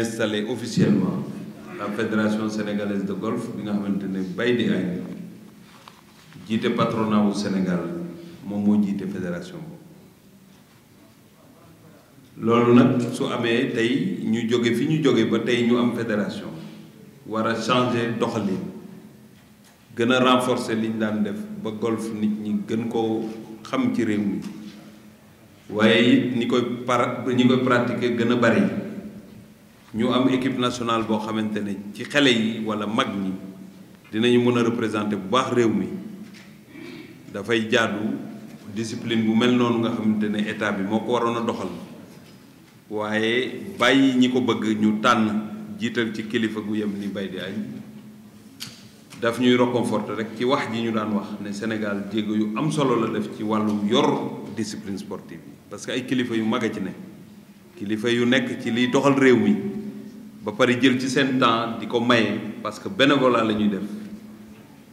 installé officiellement la fédération sénégalaise de golf bi nga xamante ne bay di ay jiite patronat wu Sénégal moom moo jiite fédération boobu loolu nag su amee tey ñu jóge fi ñu jóge ba tey ñu am fédération war a changer doxalin gën a renforcer li ñu daan def ba golf nit ñi gën koo xam ci réew mi waaye it ñi koy par ñi koy gën a bari ñu am équipe nationale boo xamante ne ci xale yi walla mag ñi dinañu mën a représenter bu baax réew mi dafay jaadu disipline bu mel noonu nga xamante ne état bi moo ko waroon a doxal waaye bàyyi ñi ko bëgg ñu tànn jiital ci kilifa gu yem ni bay di ay daf ñuy réconforter rek ci wax ji ñu daan wax ne Sénégal jéego yu am solo la def ci wàllum yor discipline sportive yi parce que ay kilifa yu mag a ci ne kilifa yu nekk ci liy doxal réew mi ba pare jël ci seen temps di ko maye parce que bénévolat la ñuy def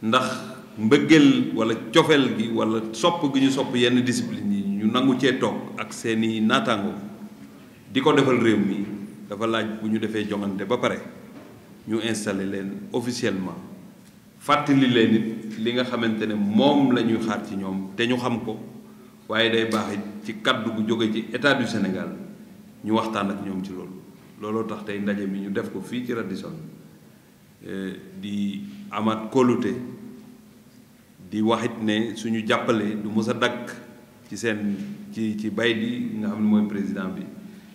ndax mbëggeel wala cofeel gi wala sopp gi ñu sopp yenn discipline yi ñu nangu cee toog ak seeni naataango di ko defal réew mi dafa laaj bu ñu defee joŋante ba pare ñu installé leen officiellement fàttali leen it li nga xamante ne moom la ñuy xaar ci ñoom te ñu xam ko waaye day baax ci kàddu gu jóge ci état du Sénégal ñu waxtaan ak ñoom ci loolu. looloo tax tey ndaje mi ñu def ko fii ci Radisson eh, di amaat kóolute di waxit ne suñu jàppale du mës a dakk ci seen ci ci bay di nga xam ne mooy président bi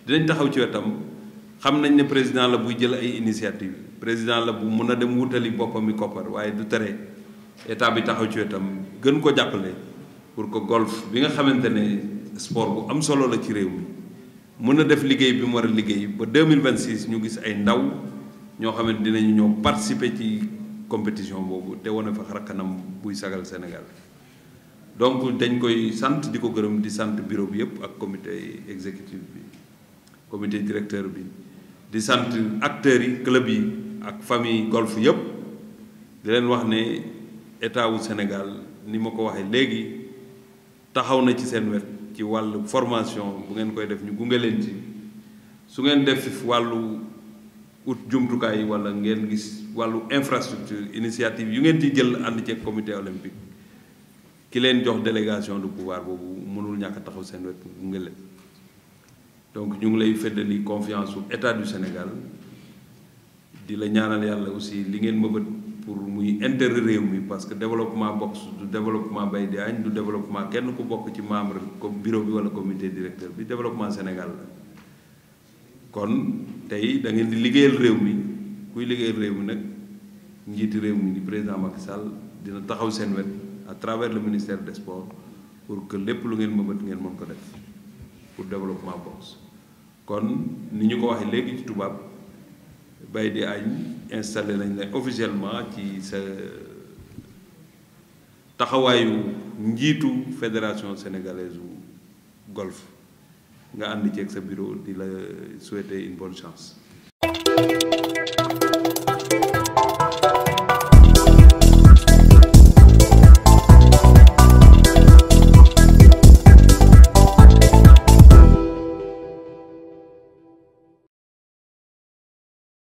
dinañ taxaw ci wetam xam nañ ne président la buy jël ay initiative président la bu mun a dem wutali boppami i koppar waaye du tere état bi taxaw ci wetam gën ko jàppale pour que golf bi nga xamante ne sport bu am solo la ci réew mi mën na def liggéey bi mu war a liggéey ba deux mille vingt six ñu gis ay ndaw ñoo xamante dinañu ñëw participer ci compétition boobu te wane fa xar buy sagal Sénégal donc dañ koy sant di ko gërëm di sant bureau bi yëpp ak comité exécutif bi comité directeur bi di sant acteurs yi club yi ak famille golf yëpp di leen wax ne état wu Sénégal ni ma ko waxee léegi taxaw na ci seen wet ci wàll formation bu ngeen koy def ñu gunge leen ci su ngeen def wàllu ut jumtukaay yi wala ngeen gis wàllu infrastructure initiative yu ngeen ci jël ànd ceeg comité olympique ki leen jox délégation du pouvoir boobu mënul ñàkk taxaw seen wet gunge leen donc ñu ngi lay feddali confiance su état du Sénégal di la ñaanal yàlla aussi li ngeen mëbët pour muy intérêt réew mi parce que développement box du développement bay di añ du développement kenn ku bokk ci membre comme bureau bi wala comité directeur bi développement Sénégal la kon tey da ngeen di liggéeyal réew mi kuy liggéeyal réew mi nag njiiti réew mi di président Macky Sall dina taxaw seen wet à travers le ministère des sports pour que lépp lu ngeen mëbët ngeen mën ko def pour développement box kon ni ñu ko waxee léegi ci tubaab bay di añ installé nañ la officiellement ci sa taxawaayu njiitu fédération sénégalaise bu golf nga ànd ci ceeg sa bureau di la souhaiter une bonne chance